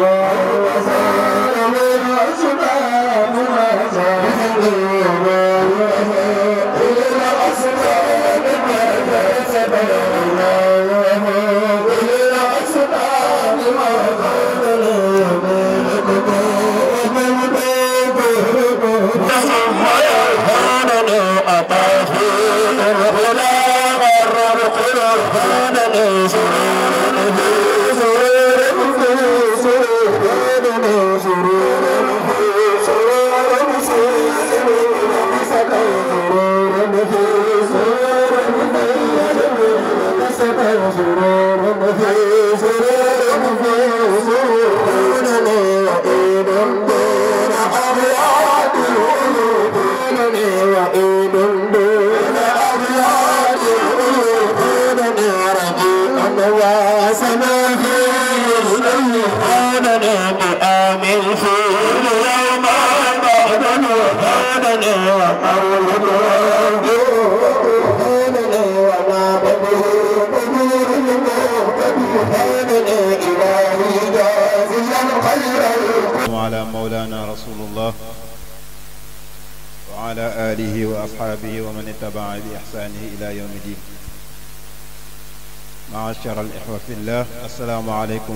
Subhana به مولانا رسول الله وعلى آله وأصحابه ومن اتبع بإحسانه إلى يوم الدين معاشر الإخوة في الله السلام عليكم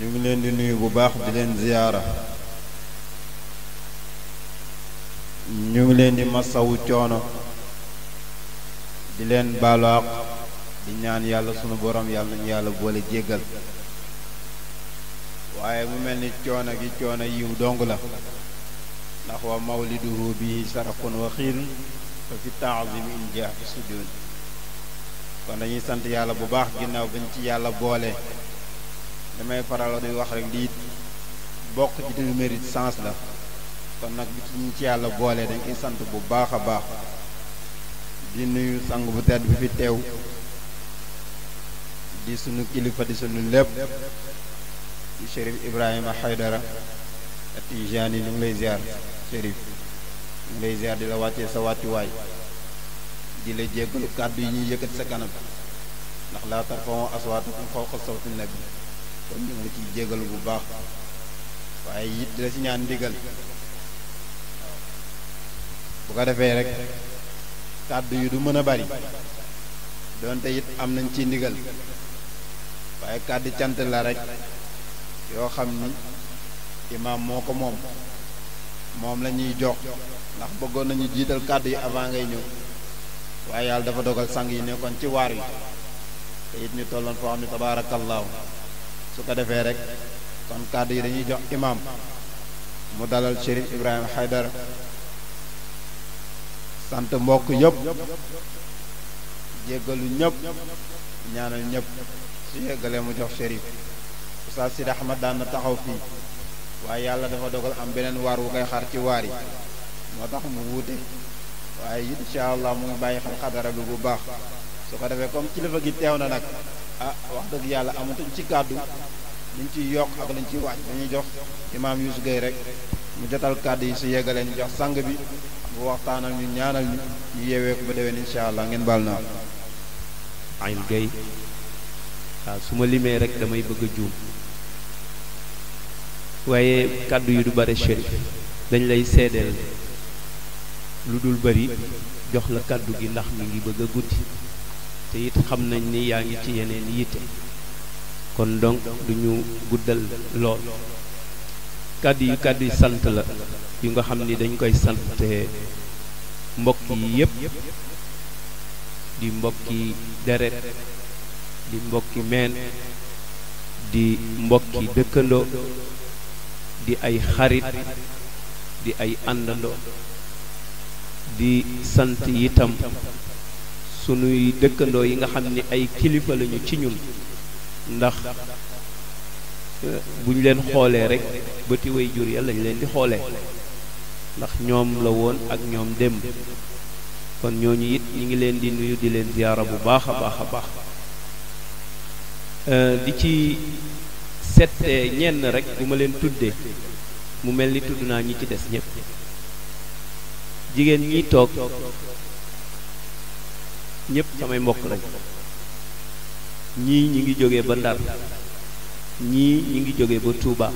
ñu ngi leen di nuyu bu baax di leen ziyaara ñu leen di masawu coono di leen baalaaq di ñaan yàlla sunu borom yàlla ñu yàlla boole jéggal waaye mu mel ni coono gi coono yiw dong la ndax wa mawliduhu bihi sarafun wa xiirun fa fi taazim injaa fi sujud kon dañuy sant yàlla bu baax ginnaaw bañ ci yàlla boole damay faral di wax rek lii bokk ci du mérite sens la kon nag bi ñu ci yàlla boolee dañ sant bu baax a baax di nuyu sang bu tedd bi fi teew di sunu kilifa di sunu lépp Chérif Ibrahima Haydara Tijaani ñu ngi lay ziar Chérif ñu ngi lay ziar di la wàccee sa wàccuwaay di la jéggalu kàddu yi ñuy yëkkati sa kanam ndax laa tarfa'u aswaatakum fawqa sawti nabi kon ñu ngi ciy jéggalu bu baax waaye it la si ñaan ndigal bu ko defee rek kàddu yi du mën a bari doonte it am nañ ci ndigal waaye kàddu cant la rek yoo xam ni imaam moo ko moom moom la ñuy jox ndax bëggoon nañu jiital kàddu yi avant ngay ñëw waaye yàlla dafa dogal sang yi nekkoon ci waar yi te it ñu tolloon foo xam ne tabaarakallaahu su ko defee rek kon kàddu yi dañuy jox imaam mu dalal Chérif Ibrahima Haydara sant mbokk yëpp jéggalu ñëpp ñaanal ñëpp su yeggalee mu jox Chérif Oustaz Sidi Ahmad daan taxaw fii waaye yàlla dafa dogal am beneen waar wu ngay xar ci waar yi moo tax mu wuute waaye incha allah mu ngi bàyyi xel xadara bi bu baax su ko defee comme kilifa gi teew na nag ah wax dëgg yàlla amatuñ ci kàddu liñ ci yokk ak liñ ciy wàcc dañuy jox imaam Youssou Gueye rek mu jotal kàdd yi su yeggalee ñu jox sang bi bu waxtaanal ñu ñaanal ñu ñu yeewee ko ba déwén incha allah ngeen baal naa. Ayil Gueye su ma limee rek damay bëgg juu waaye kàddu yi du bare chérif dañ lay seedeel lu dul bari jox la kàddu gi ndax mi ngi bëgg a guddi te it xam nañ ni yaa ngi ci yeneen yitte kon donc du ñu guddal lool kàddu yu kàddu yu sant la yu nga xam ni dañ koy sant mbokk yi yépp di mbokki deret di mbokki meen di mbokki dëkkandoo di ay xarit di ay àndandoo di sant itam sunuy dëkkandoo yi nga xam ni ay kilifa lañu ci ñun ndax eh, bu ñu leen xoolee rek bëti way jur ya lañ leen di xoolee ndax ñoom la woon ak ñoom démb kon ñooñu it ñi ngi leen di nuyu di leen ziyaara bu baax a baax a baax eh, di ci set eh, ñenn rek du ma leen tuddee mu mel ni tudd naa ñi ci des ñëpp jigéen ñi toog ñëpp samay mbokk lañ ñii ñi ngi jóge ba Ndar ñii ñi ngi jóge ba Touba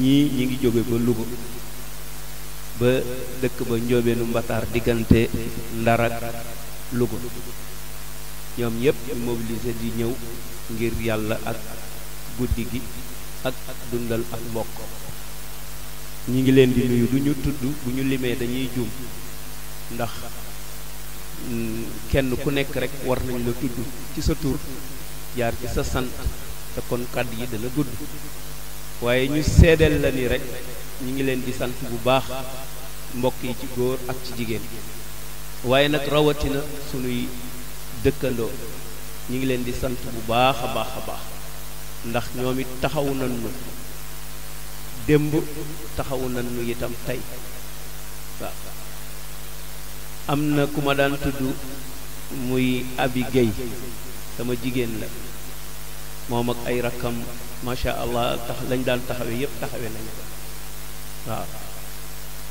ñii ñi ngi jóge ba Louga ba dëkk ba Njóobeenu Mbataar diggante Ndar ak Louga ñoom ñëpp ñu di ñëw ngir yàlla ak guddi gi ak dundal ak mbokk ñi ngi leen di nuyu du ñu tudd bu ñu limee dañuy juum ndax mm, kenn ku nekk rek war nañ la tudd ci sa tur jaar ci sa sant te kon kàdd yi dana gudd waaye ñu seedeel la ni rek ñu ngi leen di sant bu baax mbokk yi ci góor ak ci jigéen waaye nag rawatina suñuy dëkkandoo ñu ngi leen di sant bu baax a baax a baax ndax ñoom it taxawu nañu démb taxawu nañu itam tey waaw am na ku ma daan tudd muy Abi Guèye sama jigéen la moom ak ay rakkam macha allah tax lañ daan taxawe yëpp taxawe nañ ko waaw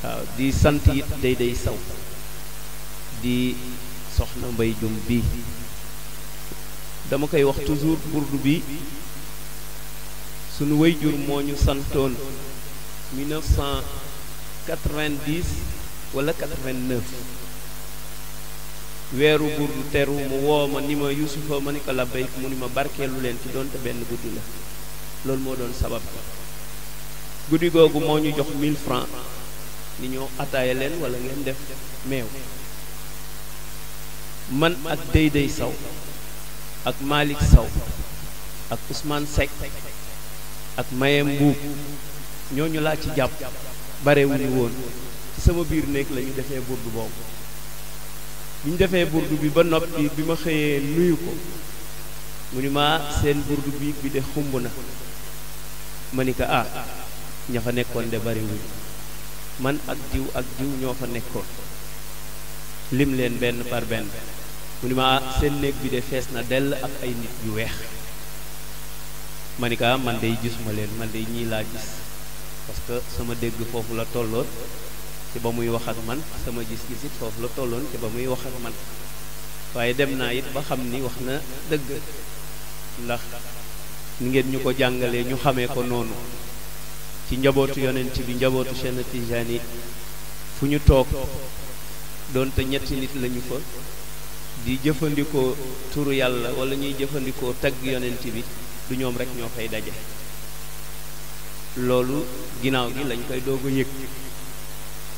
waaw di sant it day day saw di soxna mbay jum bii dama koy wax toujours burdu bi sunu wayjur moo ñu santoon 1990 wala 89 teru mu woo ma ni ma yusufa ma ni ko labbayk mu ni ma barkeelu leen ci doonte benn guddi la loolu moo doon sabab guddi googu moo ñu jox 1000 francs ni ñoo ataaye leen wala ngeen def meew man ak Déydéy Sow ak malik Sow ak Ousmane Seck ak mayem mbuub ñu laa ci jàpp barewuñu woon ci sama biir néeg lañu defee burdu boobu bi ñu defee burdu bi ba noppi bi ma xëyee nuyu ko mu ni ma seen burdu bi bi de xumb na ma ni ko ah ña fa nekkoon de barewuñu man ak jiw ak jiw ñoo fa nekkoon lim leen benn par benn mu ni ma ah, seen néeg bi de fees na dell ak ay nit yu weex ma ni ko ah, man day gisuma leen man day ñii laa gis parce que sama dégg foofu la tolloon ci ba muy wax ak man sama gis-gis foofu la tolloon ci ba muy wax ak man waaye dem naa it ba xam ni wax na dëgg ndax ngeen ñu ko jàngalee ñu xamee ko noonu ci njabootu yonent bi njabootu Cheikh Tijaan yi fu ñu toog doonte ñetti nit lañu fa di jëfandikoo turu yàlla walla ñuy jëfandikoo tagg yonent bi du ñoom rek ñoo koy daje loolu ginnaaw gi lañ koy dogu a yëg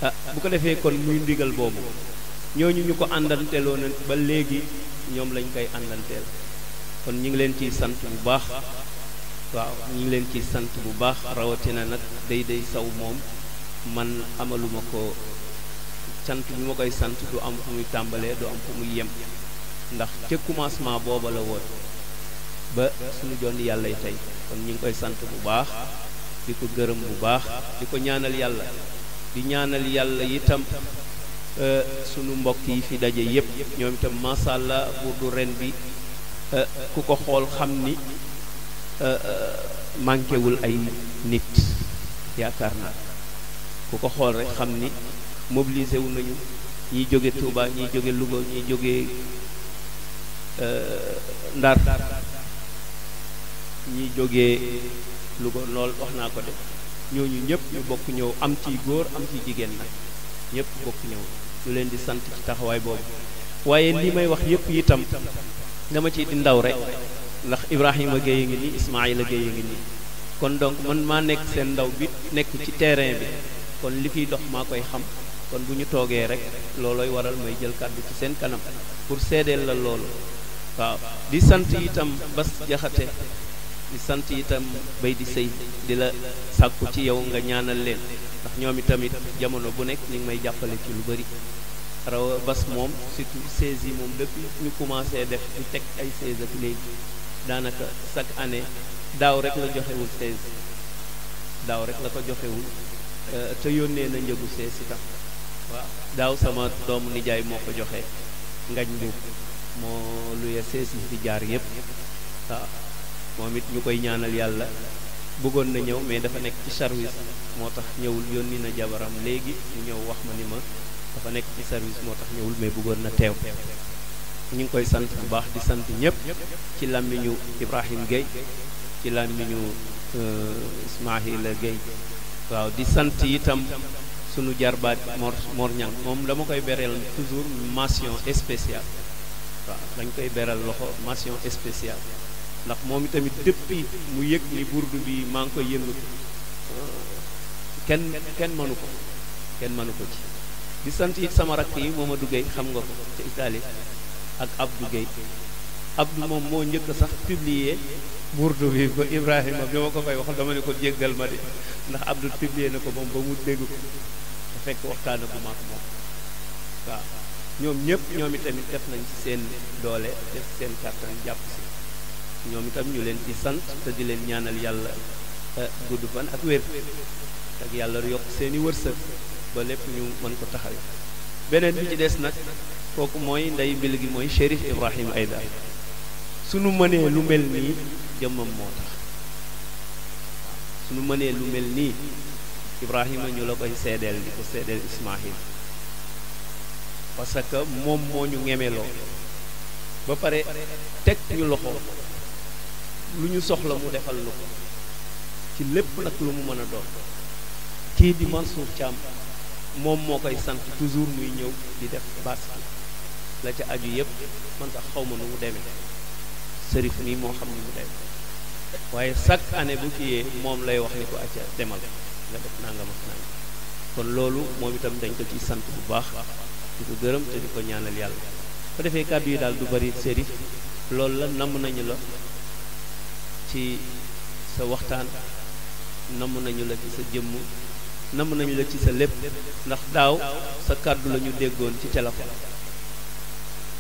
ah bu ko defee kon muy ndigal boobu ñooñu ñu ko àndanteeloo na ba léegi ñoom lañ koy àndanteel kon ñu ngi leen ciy sant bu baax waaw ñu ngi leen ciy sant bu baax rawatina nag day day saw moom man amaluma ko sant bi ma koy sant du am fu muy tàmbalee du am fu muy yem ndax ca commencement booba la woon ba suñu joon yàlla tey kon ñu ngi koy sant bu baax di ko gërëm bu baax di ko ñaanal yàlla di ñaanal yàlla itam e, sunu mbokk yi fi daje yépp ñoom itam macha allah du ren bi e, ku ko xool xam ni e, mànkewul ay nit yaakaar naa ku ko xool rek xam ni mobilisé wu nañu ñiy jóge Touba ñiy jóge Louga ñiy jóge Ndar ñi jógee lu ko lool wax naa ko de ñooñu ñëpp ñu bokk ñëw am ci góor am ci jigéen na ñëpp bokk ñëw ñu leen di sant ci taxawaay boobu waaye li may wax yëpp itam dama ci di ndaw rek ndax Ibrahima Gueye ngi nii Ismaïla Gueye ngi nii kon donc man maa nekk seen ndaw bi nekk ci terrain bi kon li fiy dox maa koy xam kon bu ñu toogee rek loolooy waral may jël kàddu ci seen kanam pour seedeel la loolu waaw di sant itam Bas Jaxate di sant itam bay di sëy di la sàkku ci yow nga ñaanal leen ndax ñoom itamit jamono bu nekk ñu ngi may jàppale ci lu bari raw bas moom surtout seize yi moom depuis ñu commencé def di teg ay seize ak léegi daanaka chaque année daaw rek la joxewul seize daaw rek la ko joxewul euh, te yónnee na njëgu seize itam waaw daaw sama doomu nijaay moo ko joxe ngañ boobu moo luye seize yi jaar yépp waaw moom it ñu koy ñaanal yàlla bëggoon na ñëw mais dafa nekk ci service moo tax ñëwul yónni na jabaram léegi ñu ñëw wax ma ni ma dafa nekk ci service moo tax ñëwul mais bëggoon na teew ñu ngi koy sant bu baax di sant ñëpp ci làmmiñu Ibrahim Gueye ci làmmiñu euh, Ismaahila Gueye waaw di sant itam sunu jarbaat Mor Mor moom dama koy bereel toujours mention spéciale waaw dañ koy beral loxo mention spéciale ndax moom itamit depuis mu yëg ni burdu bi maa ngi koy yëngatu kenn kenn mënu ko kenn mënu ko ci di sant it sama rakk yi Mamadou duggee xam nga ko ca Italie ak Abdou Gueye Abdou moom moo njëkk sax publier burdu bi ko Ibrahima bi ma ko koy wax dama ne ko jéggal ma de ndax Abdou publier na ko moom ba mu dégg ko te fekk waxtaan bu maak moom waaw ñoom ñëpp ñoom itamit def nañ ci seen doole def seen kàttan jàpp si ñoom itam ñu leen di sant te di leen ñaanal yàlla eh, gudd fan ak wér ak yàlla yokk seeni wërsëg ba lépp ñu mën ko taxawee beneen bi ci des nag kooku mooy ndey mbil gi mooy Chérif ay Aïdara suñu mënee lu mel nii jëmmam moo tax sunu mënee lu mel nii Ibrahima ñu la koy seedeel di ko seedeel Ismaahil parce que moom moo ñu ñemeloo ba pare teg ñu loxo lu ñu soxla mu defal lu ko ci lépp nag lu mu mën a doon kii di Mansour Thiam moom moo koy sant toujours muy ñëw di def baas la ca aju yëpp man sax xaw ma nu mu demee sërif nii moo xam ni mu demee waaye chaque année bu kiyee moom lay wax ni ko acca demal nga def nangam ak nangam kon loolu moom itam dañ ko ci sant bu baax di ko gërëm te di ko ñaanal yàlla ko defee kàddu yi daal du bari sërif loolu la namm nañu la ci sa waxtaan namm nañu la ci sa jëmm namm nañu la ci sa lépp ndax daaw sa kàddu lañu déggoon ci téléphone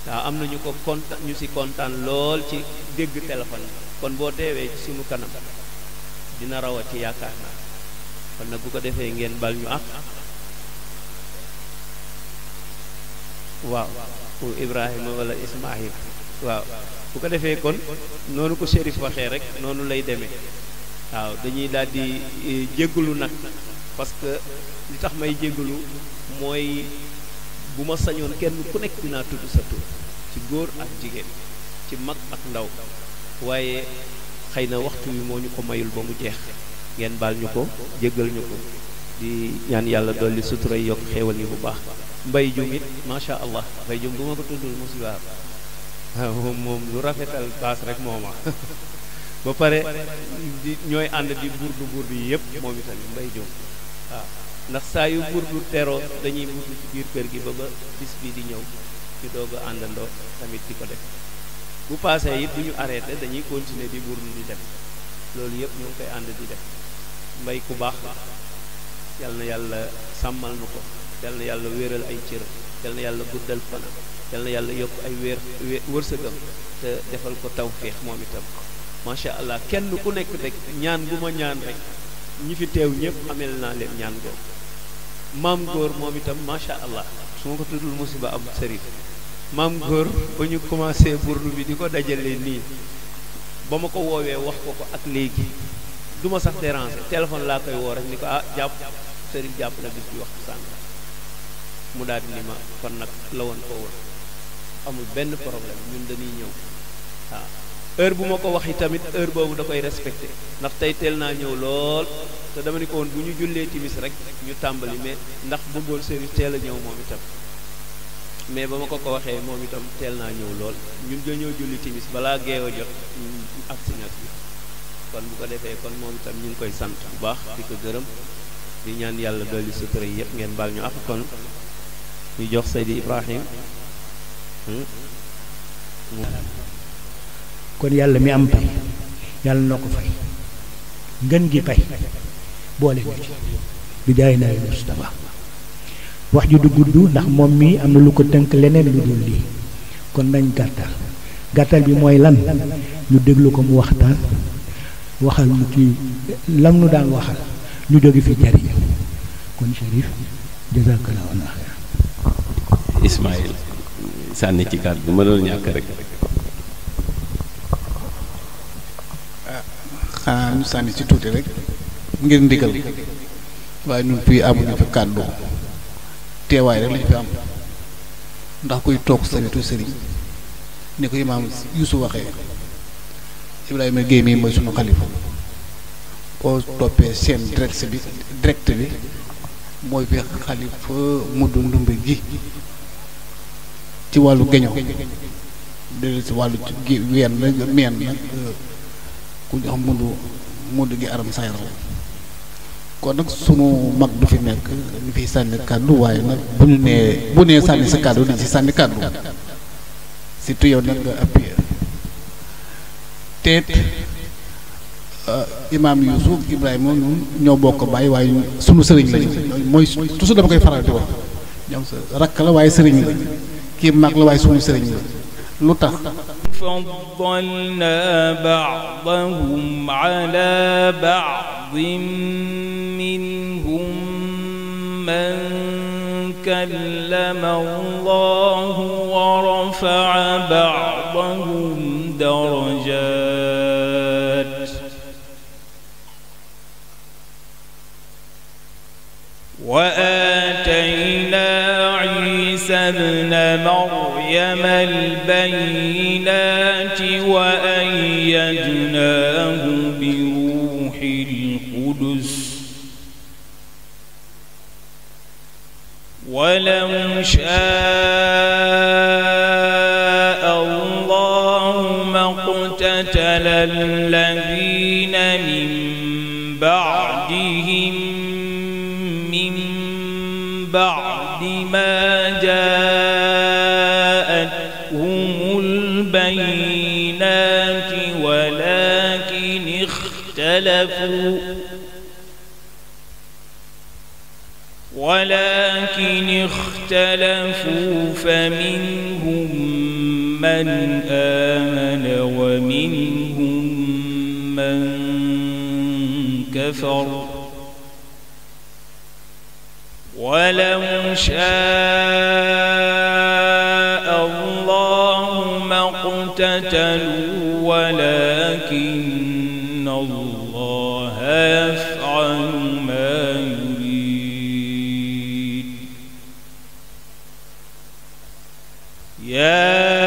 waaw am nañu ko kontaan ñu si kontaan lool ci dégg téléphone kon boo teewee ci sunu kanam dina raw a ci yaakaar na kon nag ko defee ngeen bal ñu ak waaw pour Ibrahima wala Ismaahil waaw bu ko defee kon noonu ko shérif waxee rek noonu lay demee waaw dañuy daal di eh, jéggalu nag parce que li tax may jéggalu mooy bu ma sañoon kenn ku nekk dinaa tudd sa tur ci góor ak jigéen ci mag ak ndaw waaye xëy na waxtu wi moo ñu ko mayul ba mu jeex ngeen baal ñu ko jéggal ñu ko di ñaan yàlla dolli sutura yokk xéewal yi bu baax mbay jum it macha allah mbay jum bu ma ko tuddul musiba moom moom lu rafetal baas rek moo ma ba pare ñooy ànd di burdu burdu yi yëpp moom itamit mbay jóg waaw ndax saa yu burdu teroo dañuy burdu ci biir kër gi ba ba bis bi di ñëw ñu doog a àndandoo tamit di ko def bu paasee it bu ñu arrêté dañuy continuer di burdu di def loolu yëpp ñu koy ànd di def mbay ku baax yal na yàlla sàmmal nu ko yal na yàlla wéeral ay cër yal na yàlla guddal fanam yal yàlla yokk ay wér wërsëgam te defal ko taw tawféex moom itam macha allah kenn ku nekk rek ñaan bu ma ñaan rek ñu fi teew ñëpp amel naa leen ñaan googu maam góor moom itam macha allah su ma ko tuddul musiba am sëriñ maam góor ba ñu commencé burdu bi di ko dajale nii ba ma ko woowee wax ko ko ak léegi du ma sax déranger téléphone laa koy woo rek ni ko ah jàpp sëriñ jàpp na bis bi wax ko sànq mu daal di ni ma kon nag la woon ko woon amul benn problème ñun dañuy ñëw waaw heure bu ma ko waxi tamit heure boobu da koy respecté ndax tey teel naa ñëw lool te dama ni ko woon bu ñu jullee timis rek ñu tàmbali mais ndax bëggoon service teel a ñëw moom itam mais ba ma ko ko waxee moom itam teel naa ñëw lool ñun dañoo julli timis balaa geew a jot ak si ñaar bi kon bu ko defee kon moom itam ñu ngi koy sant bu baax di ko gërëm di ñaan yàlla dolli sutura yëpp ngeen baal ñu ak kon ñu jox kon yàlla mi am pay yàlla noo ko fay ngën gi pay boole ñu ci du jaay naa Mustafa wax ju du gudd ndax moom mii am na lu ko tënk leneen lu dul lii kon nañ gàttal gàttal bi mooy lan ñu déglu ko mu waxtaan waxal mu ci lam nu daan waxal ñu jóge fi jariñu kon Chérif jazakallahu xayran Ismaïl sànni ci kàddu mënul ñàkk rek xanaa ñu sànni ci tuuti rek ngir ndigal waaye ñun fii amuñu fi kàddu teewaay rek lañu fi am ndax kuy toog sa wetu sëriñ ni ko imaam Yuusu waxee Ibrahima Guèye mii mooy sunu xalifa boo toppee seen direct bi direct bi mooy fi xalifa mu dundumbe gi ci wàllu géño déedéet ci wàllu gi ween meen nag ku ñu mundu mundu gi aram sayral kon nag sunu mag du fi nekk ñu fi sànni kàddu waaye nag bu ñu nee bu nee sànni sa kàddu nañ si sànni kàddu surtout yow nag nga appuyé teet euh, imaam Yuusuf Ibrahima ñun ñoo bokk bàyyi waaye sunu sëriñ lañu mooy toujours dama koy faral di wax rakk la waaye sëriñ la kii mag la waaye suñu sëriñ la lu tax faddalna ba'dahum ala ba'din minhum man kallama Allahu wa rafa'a ba'dahum darajat wa عيسى ابن مريم البينات وأيدناه بروح القدس ولو شاء الله ما اقتتل الذين من بعدهم من بعد ما جاءتهم البينات ولكن اختلفوا ولكن اختلفوا فمنهم من آمن ومنهم من كفر ولو شاء الله ما اقتتلوا ولكن الله يفعل ما يريد يا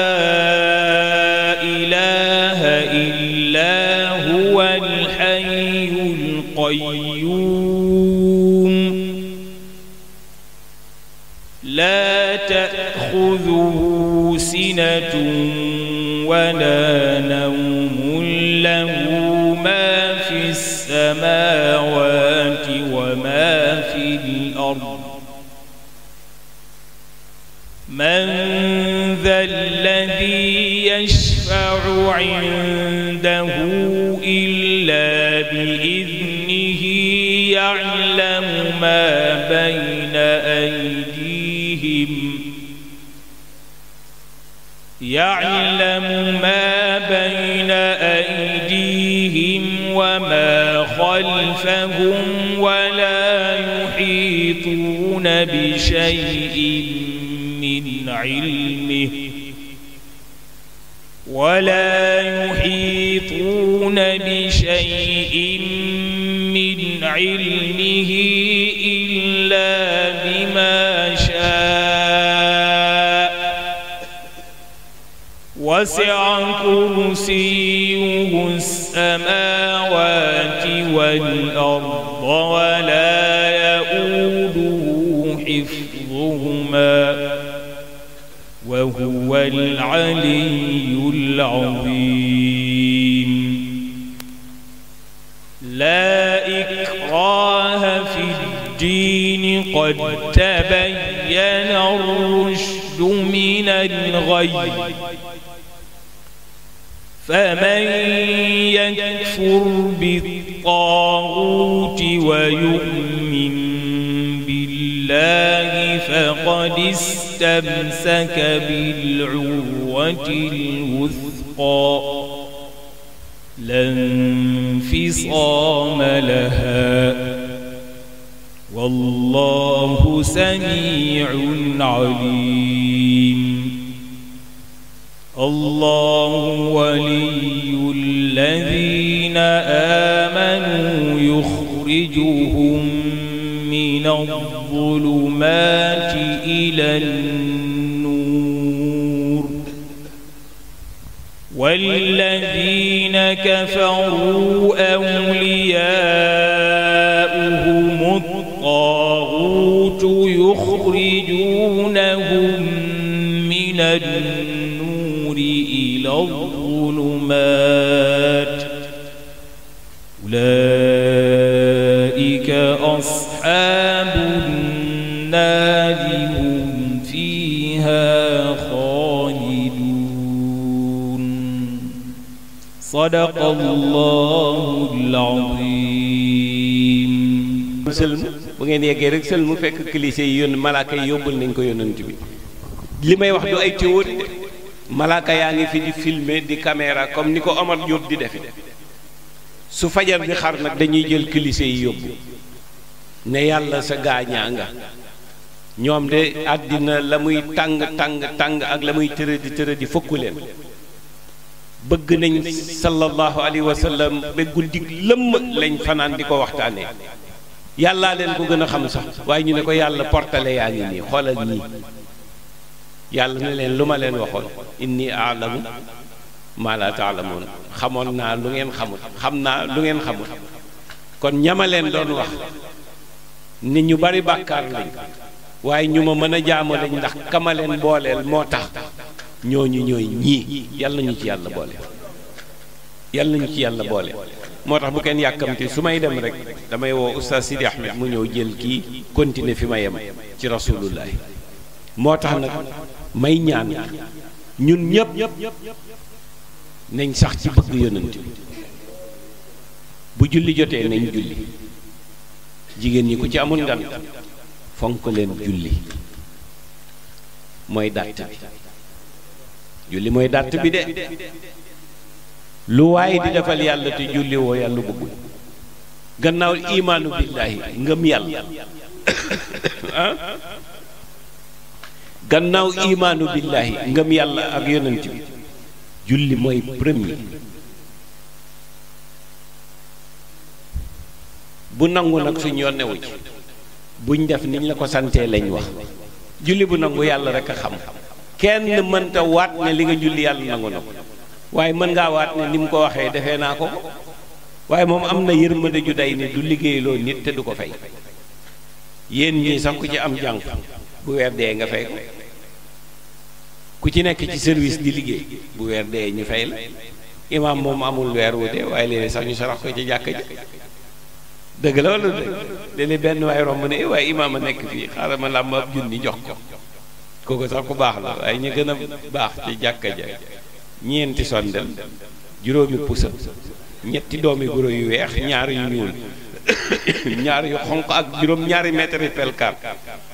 القيوم لا تأخذه سنة ولا نوم له ما في السماوات وما في الأرض من ذا الذي يشفع عنده إلا بإذنه يعلم ما بين أيديهم يعلم ما بين أيديهم وما خلفهم ولا يحيطون بشيء من علمه ولا يحيطون بشيء من علمه إلا بما شاء وسع كرسيه السماوات والأرض ولا يؤوده حفظهما وهو العلي العظيم لا إكراه في الدين قد تبين الرشد من الغي فمن يكفر بالطاغوت ويؤمن الله فقد استمسك بالعروة الوثقى لا انفصام لها والله سميع عليم الله ولي الذين آمنوا يخرجهم من الظلمات إلى النور والذين كفروا أولياؤهم الطاغوت يخرجونهم من النور إلى الظلمات sadaqa allahul aziim bu ngeen yeggee rek mu fekk kilise yi yónni malaaka yi yóbbul nañ ko yónnant bi li may wax du ay théorie malaaka yaa ngi fi di filmer di caméra comme ni ko Omar Diop di defe su fajar bi xar nag dañuy jël kilise yi yóbbu ne yàlla sa gaañaa nga ñoom de àddina la muy tàng tàng tàng ak la muy tërëdi tërëdi fokk leen bëgg nañ sallallahu alayhi wa sallam ba guddi lëmm lañ fanaan di ko waxtaanee yàllaa leen ko gën a xam sax waaye ñu ne ko yàlla portale yaa ngi nii xoolal ñii yàlla na leen lu ma leen waxoon inni aalamu maa laa taalamoon xamoon naa lu ngeen xamut xam naa lu ngeen xamul kon ñama leen doon wax nit ñu bari bàkkaar lañ waaye ñu ma mën a jaamu lañ ndax kama booleel moo tax ñu ñooy ñii yàlla nañu ci yàlla boole yàlla nañu ci yàlla boole moo tax bu kenn yàkkamti su may dem rek damay woo oustaz Sidi Ahmed mu ñëw jël kii continuer fi ma yem ci rasulullahi moo tax nag may ñaan ñun ñëpp nañ sax ci bëgg yonent bi bu julli jotee nañ julli jigéen ñi ku ci amul ngan fonk leen julli mooy dàtt bi julli mooy dàtt bi de lu waaye di defal yàlla te julli woo yàlla bëggul ah? gannaaw imaanu billaahi ngëm yàlla ak yonent bi julli mooy premier bu nangu nag suñu yoon newu ci buñ def niñ la ko santee lañ wax julli bu nangu yàlla rek a xam kenn mënta waat ne li nga julli yàlla nangu na ko waaye mën ngaa waat ne ni mu ko waxee defe naa ko waaye moom am na yërmande ju day ni du liggéeyloo nit te du ko fay yéen ñii sax ku ci am jànq bu weer dee nga fay ko ku ci nekk ci service di liggéey bu weer dee ñu fay la imaam moom amul weer wute waaye léeg sax ñu sarax ko ci jàkk ji dëgg la wala dëgg benn waay romb ne eh, waaye imaam a nekk fii xaaral ma làmb ab junni jox ko kooku sax ku baax la waaye ñu gën a baax ci jàkka ja ñeenti sondel juróomi pusa ñetti doomi guro yu weex ñaar yu ñuul ñaar yu xonq ak juróom ñaari mètre yi pelkaar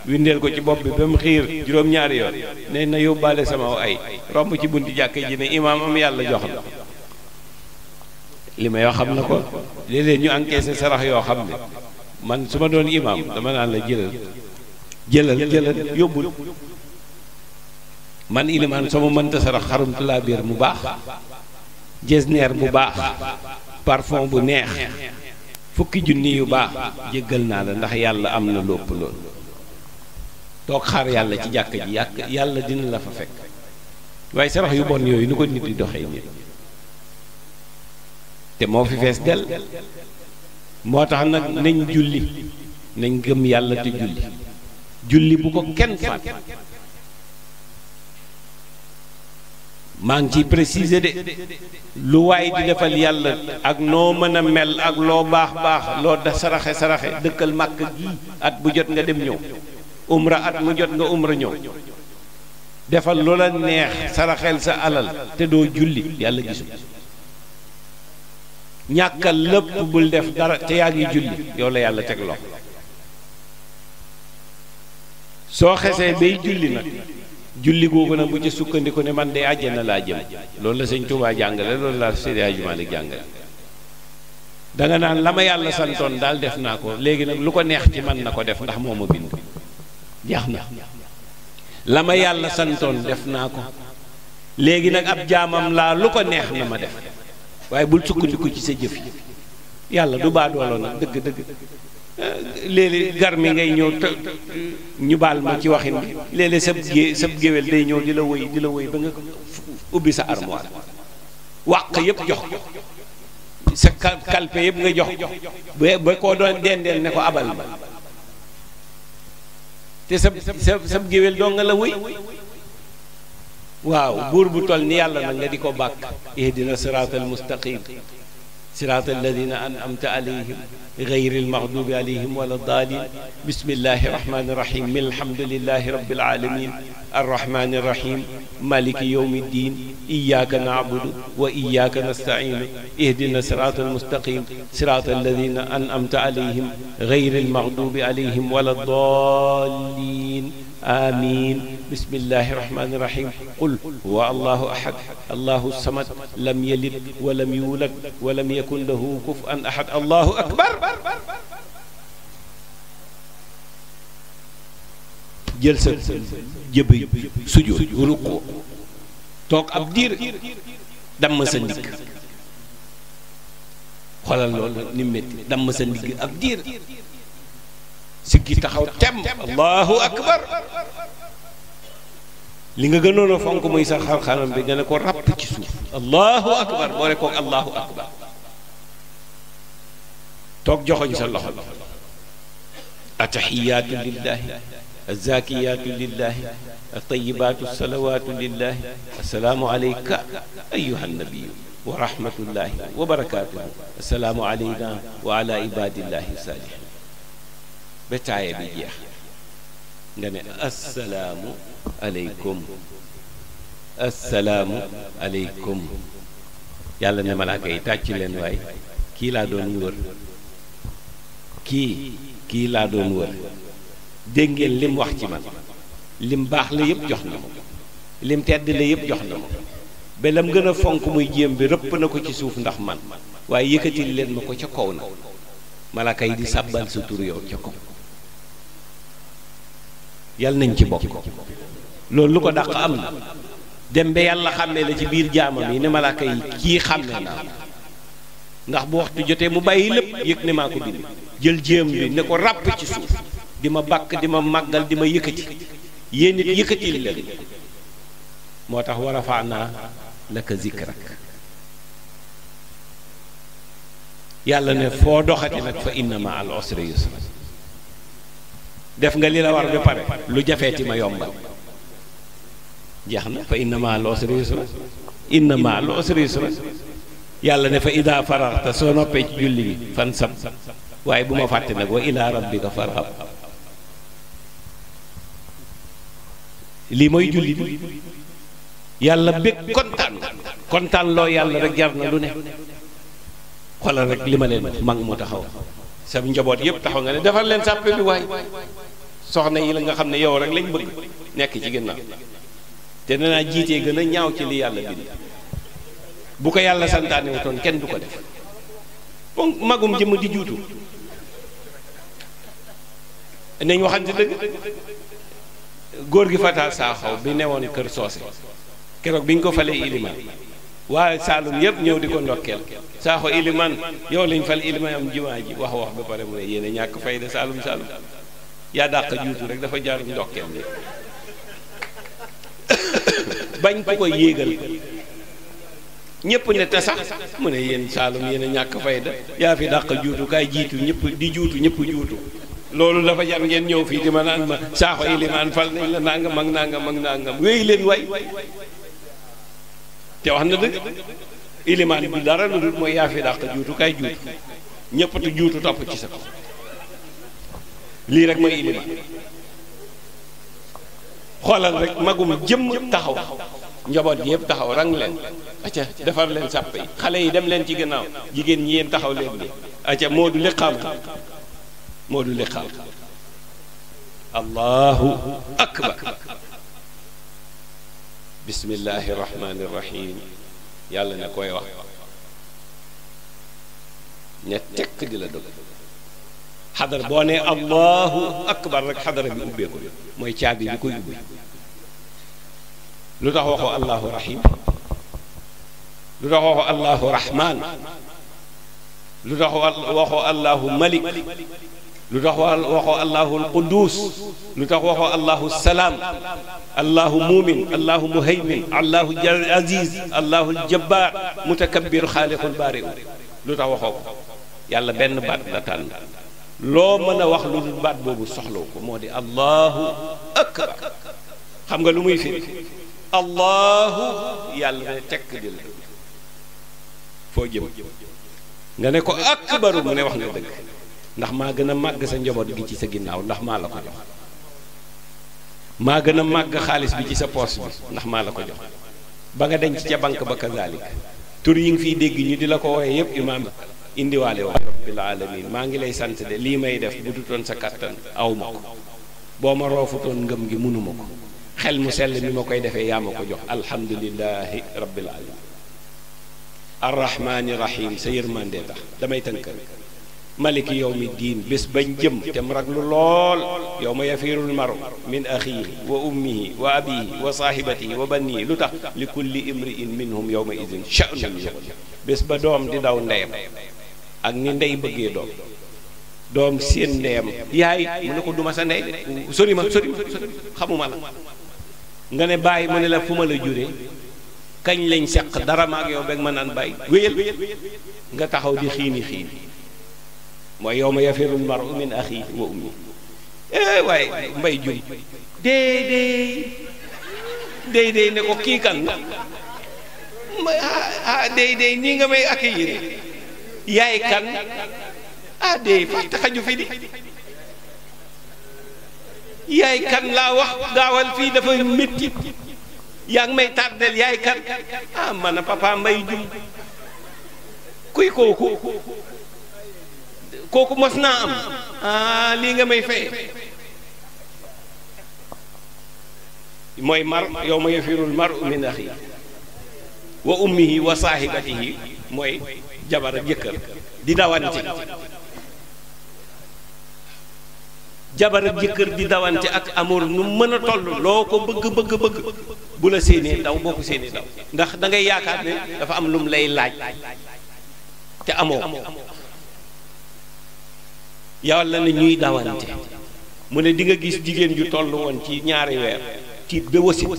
windeel ko ci bopp bi ba mu xiir juróom ñaari yoon ne na yóbbaale sama ay romb ci bunti jàkka ji ne imaam am yàlla jox la li ma yoo xam na ko léeg-léeg ñu encaissé sarax yoo xam ne man su ma doon imaam dama naan la jëlal jëlal jëlal yóbbul man ilimaan sama mënta sarax xarumtu laa biir mu baax jesneer bu baax parfum bu neex fukki junni yu baax jéggal naa la ndax yàlla am na lopp lool toog xaar yàlla ci jàkk ji yàkk yàlla dina la fa fekk waaye sarax yu bon yooyu nu ko nit di doxee nit te moo fi fees del moo tax nag nañ julli nañ gëm yàlla te julli julli bu ko kenn fàtt maa ngi ciy préciser de lu waay di defal yàlla ak noo mën a mel ak loo baax baax loo saraxe saraxe dëkkal màkk gi at bu jot nga dem ñëw umra at mu jot nga umra ñëw defal lu la neex saraxel sa alal te doo julli yàlla gisul ñàkkal lépp bul def dara te yaa ngi julli yow la yàlla teg loxo soo xesee bay julli nag julli googu nag bu ci sukkandiku ne man de àjjana laa jëm loolu la sëñ Tuubaa jàngale loolu la Seydi Hadji Malick jàngale danga naan la ma yàlla santoon daal def naa ko léegi nag lu ko neex ci man na ko def ndax moo ma bind jeex na la ma yàlla santoon def naa ko léegi nag ab jaamam laa lu ko neex na ma def waaye bul sukkandiku ci sa jëf yi yàlla du baadoolo nag dëgg dëgg léeg-léeg gar mi ngay ñëw te ñu baal ma ci waxin bi léeg-léeg sab géwél day ñëw di la woy di la woy ba nga ubbi sa armoire wax yépp jox sa kalpe yëpp nga jox ba ba koo doon dendeel ne ko abal ma te sab sab géwél doo nga la woy waaw buur bu toll ni yàlla nag nga di ko bàkk ihdina siraatal mustaqim siraat alladina an'amta alayhim gayri almaxdubi alayhim wala daalin bismillahi rahmani rahim alhamdulillahi rabbil alamin arrahmani rahim maliki yawmi ddin iyyaka na'budu wa iyyaka nasta'in ihdina siraat almustaqim siraat alladina an'amta alayhim gayri almaxdubi alayhim wala daalin amiin bismillahi rahmaani rahiim qul huwa allahu ahad allahu samad lam yalid wa lam yuulad wa lam yakun lahu kufuwan ahad allahu akbar jël sa jëbëy sujjóot ruqu toog ab diir damm sa ndigg xoolal loolu ni mu métti damm sa ndigg ab diir siggi taxaw tem allahu akbar li nga gënoon a fonk muy sax xam-xamam bi nga ne ko ràpp ci suuf allahu akbar boole koog allahu akbar toog joxoñ sa loxo ataxiyaatu lillahi azaakiyaatu lillahi atayibaatu salawaatu lillahi assalaamu aleyka ayuha nabiyu wa rahmatullahi wa barakaatuhu assalaamu aleyna wa ala ibaadillahi saalihin ba taaye bi jeex nga ne assalaamu aleykum assalaamu aleykum yàlla ne malaaka yi tàcc leen waay kii laa doon wër kii kii laa doon wër dégg ngeen lim wax ci man lim baax la yëpp jox na ma lim tedd la yëpp jox na ma ba lam gën a fonk muy jéem bi rëpp na ko ci suuf ndax man waaye yëkkatil leen ma ko ca kaw na malaaka yi di sàbbal sa tur yow ca kaw yàlla nañ ci bokk loolu lu ko dàq am na dem ba yàlla xàmmee la ci biir jaamam yi ne malaaka yi kii xàmmee naa ndax bu waxtu jotee mu bàyyi lépp yëg ne maa ko bind jël jéem bi ne ko ràpp ci suuf di ma bàkk di ma màggal di ma yëkkati yéen it yëkkatil moo tax war a faa naa laka yàlla ne foo doxati nag fa inna ma al def nga li la war bi pare lu jafeeti ma yombal jeex na fa inna maa al usri yusra inna yàlla ne fa ida faraxta soo noppee ci julli bi fan sab waaye bu ma fàtte nag wa ila rabbika farxab lii mooy julli yàlla bég kontaan kontaan yàlla rek jar na lu ne xoolal rek li ma leen mag mu taxaw sa njaboot yëpp taxaw nga ne defar leen sàppe bi waay soxna yi la nga xam ne yow rek lañ bëgg nekk ci ginnaaw te danaa jiitee gën a ñaaw ci li yàlla bind bu ko yàlla santaane wutoon kenn du ko def magum jëmm di juutu nañ waxante dëgg góor gi Fatal Saaxaw bi newoon kër soose keroog bi ñu ko falee ilimaan waaye Saalum yëpp ñëw di ko ndokkeel Saaxaw ilimaan yow lañ fal ilimaan am jumaa ji wax wax ba pare mu ne yéen a ñàkk fayda Saalum Saalum yaa dàq juutu rek dafa jaarul ndokkeel bi bañ ku koy yéegal ñépp ne te sax mu ne yéen saalum yéen a ñàkk fayda yaa fi dàq juutu kaay jiitu ñëpp di juutu ñëpp juutu loolu dafa jar ngeen ñëw fii di ma naan ma saaxo yi limaan fal la nangam ak nangam ak nangam wéy leen way te wax na dëgg ilimaan bi dara lu dul dàq juutu kaay juutu ñëpp juutu topp ci sa kaw lii rek mooy ilimaan xoolal rek magum jëmm taxaw njaboot gi yëpp taxaw rang leen acca defar leen sàpp yi xale yi dem leen ci gannaaw jigéen ñi yéen taxaw leen nii acca moo du liqaam moo du allahu akbar bismillahi rahmaani rahim yàlla ne koy wax ne tekk di la dog xadara boo nee allahu akbar rek xadara bi ubbeeku mooy caabi bi koy ubbi lu tax waxoo allahu rahim lu tax waxoo allahu rahman lu tax waxoo allahu malik lu tax waxoo allahu alquddus lu tax waxoo allahu salaam allahu muumin allahu muhaymin allahu aziz allahu jabbaar mutakabbir xaaliqul baariu lu tax waxoo ko yàlla benn baat la tànn loo mën a wax lu dul baat boobu soxlaw ko moo di allahu akbar xam nga lu muy firi allahu yàlla ne tekk di la foo jëm nga ne ko akbaru mu ne wax nga dëgg ndax maa gën a màgg sa njaboot gi ci sa ginnaaw ndax maa la ko jox maa gën a màgg xaalis bi ci sa poos bi ndax maa la ko jox ba nga denc ca banque ba kazalik tur yi nga fiy dégg ñu di la ko wooye yépp imaam indiwaale woon rabbil alamin maa ngi lay sant de lii may def bu sa kattan aw ma ko boo ma roofutoon ngëm gi mënuma ko xel mu sell mi ma koy defee yaa ma ko jox alhamdulilahi rabbil alamin arrahmaani rahim sa yërmande yow mi diin bañ jëm te mu wa ummihi wa abiihi wa saahibatihi wa bannihi lu tax li kulli imri'in minhum yow ma idin sha'nun bés ba doom di daw ndeyam ak ni ndey bëggee doom doom seen ndeyam yaay mu ne ko duma sa ndey de sori ma sori ma xamuma la nga ne bàyyi mu ne la fu ma la juree kañ lañ seq dara maag yow beeg ma naan bàyyi nga taxaw di xiini xiini yow ma yafirul maru min axi wa ummi déy déy déy déy ne ko kii kan nga déy déy nii nga may accueillir yaay kan ah dee fàtte xaju fi di yaay kan laa wax gaawal fii dafa métti yaa ngi may tardel yaay kan ah, man a papa mbay jum kuy kooku kooku mos naa am ah, lii nga may fay mooy mar yow ma yafirul mar u min axi wa ummihi wa saahibatihi mooy jabar ak jëkkër di dawante jabar ak jëkkër di dawante ak amour nu mën a toll loo ko bëgg bëgg bëgg bu la séenee daw boo ko séenee daw ndax dangay yaakaar ne dafa am lum lay laaj te amoo yàlla na ñuy dawante mu ne di nga gis jigéen ju toll woon ci ñaari weer tiit ba wasit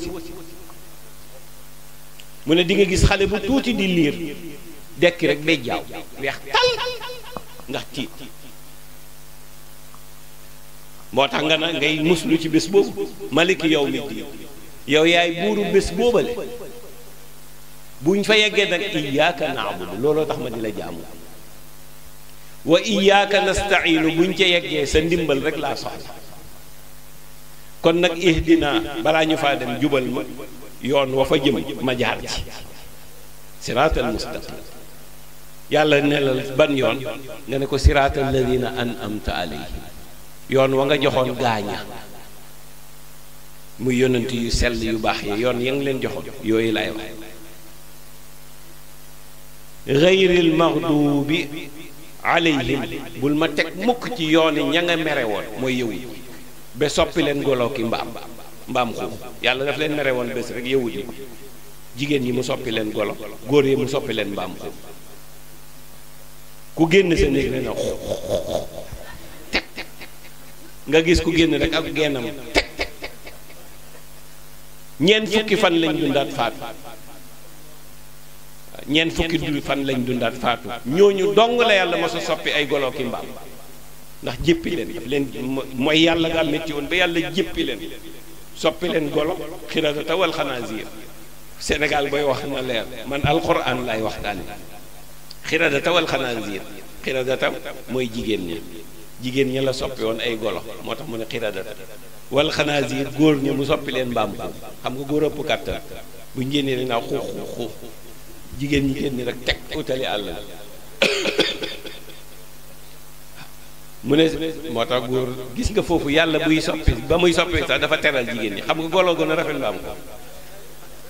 mu ne di nga gis xale bu tuuti di liir dekki rek bay jaaw weex tal ndax tiit moo tax nga na ngay muslu ci bés boobu maliki yow mi diin yow yaay buuru bés boobale buñ fa yeggee nag iyyaka na'budu looloo tax ma di la jaamu wa iyyaka nasta'inu buñ ca yeggee sa ndimbal rek laa soxla kon nag ihdina balaa ñu fa dem jubal ma yoon wa fa jëm ma jaar ci siraatal mustaqim yàlla ne ban yoon nga ne ko siraata alladina an amta alayhim yoon wa nga joxoon gaaña muy yonent yu sell yu baax yi yoon ya ngi leen joxoon yooyu lay wax gayril maxduubi alayhim bul ma teg mukk ci yoon ña nga mere woon mooy yëwut ba soppi leen goloo ki mbaam mbaam xuux yàlla daf leen mere woon bés rek yëwut yi jigéen yi mu soppi leen golo góor yi mu soppi leen mbaam xuux ku génn sa néeg ne na teg nga gis ku génn rek ak gennam teg ñeent fukki fan lañ dundaat faatu ñeent fukki du fan lañ dundaat faatu ñooñu dong la yàlla ma sa soppi ay golo ki mbaam ndax jéppi leen daf leen mooy yàlla nga metti woon ba yàlla jéppi leen soppi leen golo xirata wal xanaasiir Sénégal booy wax ma leer man alxuraan lay waxtaani xiradata wal xanaazir xiradata mooy jigéen ña jigéen ña la soppi woon ay golo moo tax mu ne xiradata wal xanaa xanaazir góor ña mu soppi leen mbaam ko xam nga góor ëpp kàttan bu génnee dañ naa xuux ñi génn rek teg utali àll la mu ne moo tax góor gis nga foofu yàlla buy soppi ba muy soppi sax dafa teral jigéen ñi xam nga golo gën a rafet mbaam ko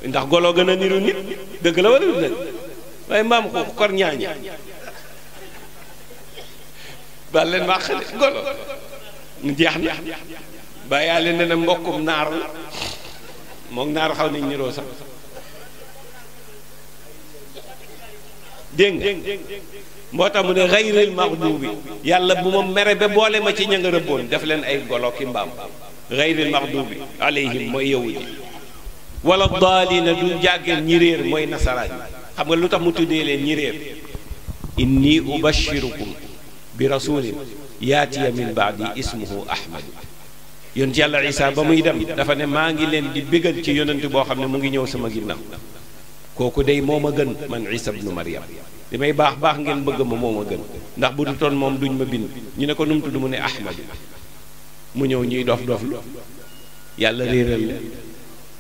ndax golo gën a niru nit dëgg la wala dëgg waaye mbaam xuux kor ñaañi baal leen ma mu jeex na bàyyaale ne na mbokkum naar la moom naar xaw nañ niroo sax dégg nga tax mu ne xayril maxdubi yàlla bu ma mere ba boole ma ci ña rëbboon def leen ay golo ki mbaam xayril maxdubi alayhim mooy yahudi wala daalina du jàggeen ñi réer mooy nasaraan xam nga lu tax mu tuddee leen ñi réer inni ubashirukum bi rasulin yaatiya min baadi ismuhu yoon yonent yàlla isaa ba muy dem dafa ne maa ngi leen di bégal ci yonent boo xam ne mu ngi ñëw sama ginnaaw kooku dey moo ma gën man isa bnu maryam li may baax baax ngeen bëgg ma moo ma gën ndax bu du toon moom duñ ma bind ñu ne ko num tudd mu ne ahmadu mu ñëw ñuy dof dof lu yàlla réeral la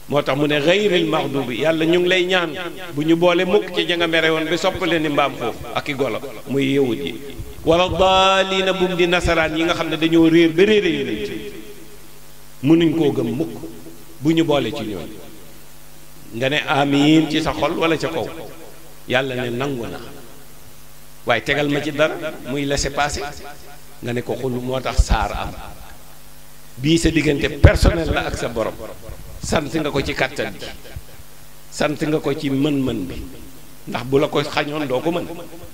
moo tax mu ne xëyril maxdubi yàlla ñu ngi lay ñaan bu ñu boole mukk ci ja mere woon bi soppale ni mbaam foofu ak i golo muy yawut yi wala daaliina bum di nasaraan yi nga xam ne dañoo réer ba réere yonent mënuñ koo gëm mukk bu ñu boole ci ñoom nga ne amiin ci sa xol wala ca kaw yàlla ne nangu na waaye tegal ma ci dara muy laissez-passer nga ne ko xul moo tax saar am bii sa diggante personnel la ak sa borom sant nga ko ci kàttan bi sant nga ko ci mën-mën bi ndax bu la ko xañoon doo ko mën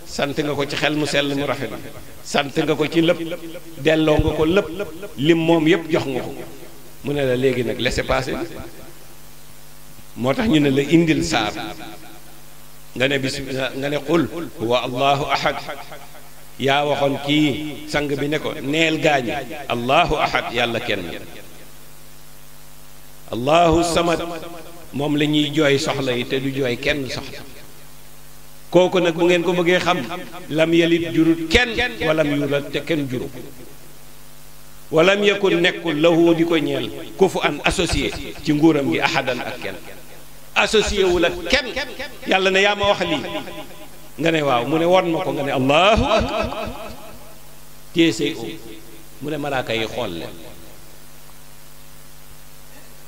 sant nga ko ci xel mu sell mu rafet sant nga ko ci lépp delloo nga ko lépp lim moom yépp jox nga ko mu ne la léegi nag laissez passer moo tax ñu ne la indil saar nga ne bis nga ne qul huwa allahu ahad yaa waxoon kii sang bi ne ko neel gaañi allahu ahad yàlla kenn allahu samad moom la ñuy jooy soxla yi te du jooy kenn soxla kooku nag bu ngeen ko bëggee xam lam yalit jurut kenn walam yulat te kenn juru walam yakun nekkul lahu di ko ñeel ku fu an ci nguuram gi ahadan ak kenn associé wu la kenn yàlla ne yaa ma wax lii nga ne waaw mu ne won ma ko nga ne allahu akbar téesay o mu ne malaaka yi xool leen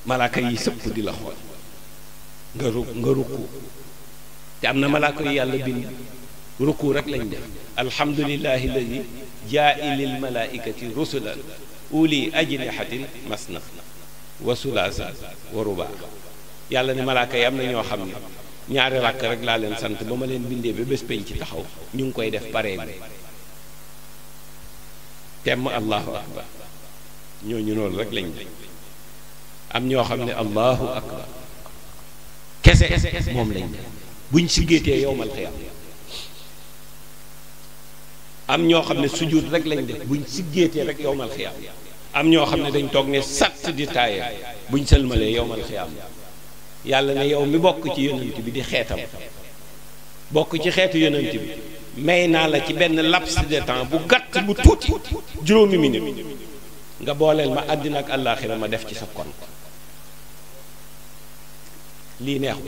malaaka yi sëpp di la xool nga rukku te am na malaaka yi yàlla bind rukku rek lañ def alhamdulillahi alladi jaai lil malaikati rusulan uli ajnihatin masna wa sulaasa wa rubaa yàlla ne malaaka yi am na ñoo xam ne ñaari ràkk rek laa leen sant ba ma leen bindee ba bés peñ ci taxaw ñu ngi koy def paree bi temm allahu akbar ñooñu noonu rek lañ def am ñoo xam ne allahu akbar kese moom lañ buñ siggeetee yowmal xiyaam am ñoo xam ne sujud rek lañ def buñ siggeetee rek yowmal xiyaam am ñoo xam ne dañ toog ne sàtt di taaye buñ sëlmalee yowmal xiyaam yàlla ne yow mi bokk ci yonent bi di xeetam bokk ci xeetu yonent bi may naa la ci benn laps de temps bu gàtt bu tuuti juróomi minute nga booleel ma àddina ak àllaaxira ma def ci sa compte lii neexu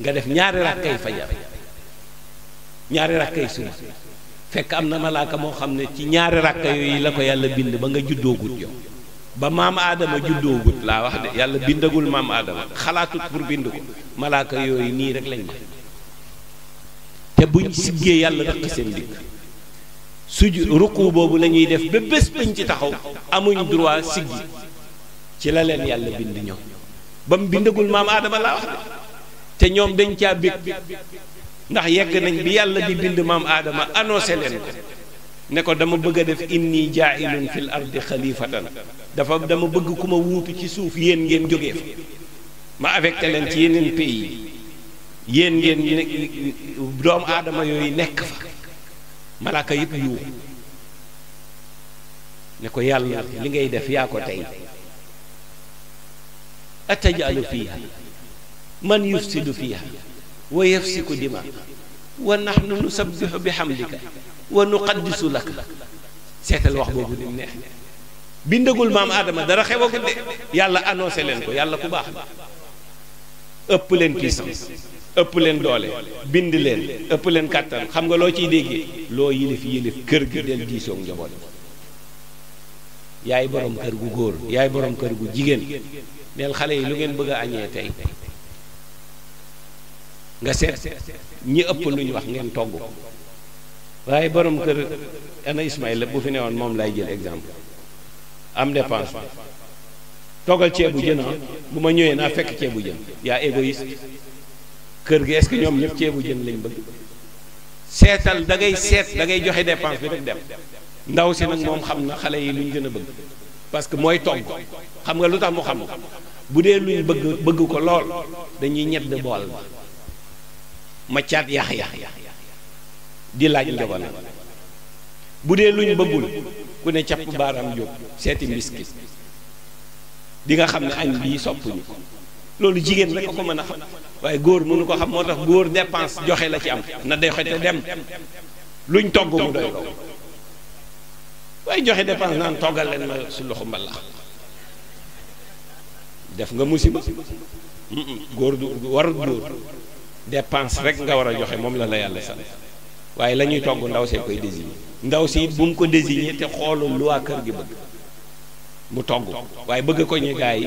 nga def ñaari rakkay fajar ñaari rakkay suba fekk am na malaaka moo xam ne ci ñaari rakka yooyu la ko yàlla bind ba nga juddoogut yow ba maam aadama juddoogut laa wax de yàlla bindagul maam aadama xalaatut pour bind ko malaaka yooyu nii rek lañ ma te buñ siggee yàlla dëq seen digg suju ruku boobu la ñuy def ba bés bañ ci taxaw amuñ droit siggi ci la leen yàlla bind ñoom ba mu bindagul maam aadama laa wax te ñoom dañ caa bég ndax yegg nañ bi yàlla di bind maam aadama annoncé leen ko ne ko dama bëgg a def inni jaailun fil ardi xalifatan dafa dama bëgg ku ma wuutu ci suuf yéen ngeen jógee fa ma affecté leen ci yeneen pays yi yéen ngeen doomu aadama yooyu nekk fa malaaka yëpp yuuxu ne ko yàlla li ngay def yaa ko tey atajalu fiha man yufsidu fiha wa yafsiku dima wa nahnu nusabbihu bi hamdika wa nuqaddisu laka seetal wax bu ni neex bindagul maam aadama dara xewagul de yàlla annoncé leen ko yàlla ku baax la ëpp leen puissance ëpp leen doole bind leen ëpp leen kàttan xam nga loo ciy déggee loo yilif yilif kër gi del diisoog njaboot yaay borom kër gu góor yaay borom kër gu jigéen neel xale yi lu ngeen bëgg a añee tey nga seet ñi ëpp lu ñu wax ngeen togg ko waaye borom kër ana Ismaïla bu fi newoon moom laay jël exemple am dépense toggal ceebu jën ah bu ma ñëwee naa fekk ceebu jën yaa égoïste kër gi est-ce que ñoom ñëpp ceebu jën lañ bëgg seetal dangay seet da ngay joxe dépense bi rek dem ndaw si nag moom xam na xale yi lu ñu gën a bëgg parce que mooy togg xam nga lu tax mu xam bu dee luñ bëgg bëgg ko lool dañuy ñett de bool ba ma caat yax yax di laaj njaboot bu dee luñ bëggul ku ne capp baaraam jóg seeti mbiskit di nga xam ne añ bii soppuñu loolu jigéen rek a ko mën a xam waaye góor mënu ko xam moo tax góor dépense joxe la ci am na doxe te dem luñ togg mu doy ko waaye joxe dépense naan toggal leen ma su loxo mbalax def nga musiba góor du warut góor dépense rek nga war a joxe moom la la yàlla sant waaye lañuy ñuy togg ndaw see koy désigné ndaw si it bu mu ko désigné te xoolul lu waa kër gi bëgg mu togg waaye bëgg a koñe gaa yi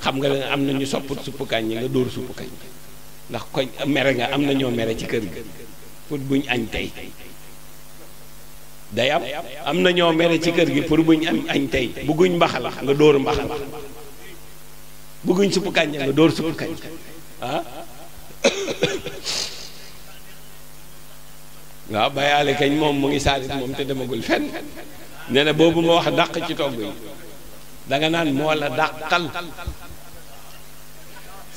xam nga ne am na ñu sopput suppu kañ nga dóor suppu kañ ndax koñ mere nga am na ñoo mere ci kër gi pour buñ añ tey day am am na ñoo mere ci kër gi pour buñ am añ tey bëgguñ mbaxal nga dóor mbaxal bëgguñ suppu kañ nga dóor suppu kañ ah waaw bayaale kañ moom mu ngi saarit moom te demagul fenn nee na boobu ma wax dàq ci togg yi danga naan moo la dàqal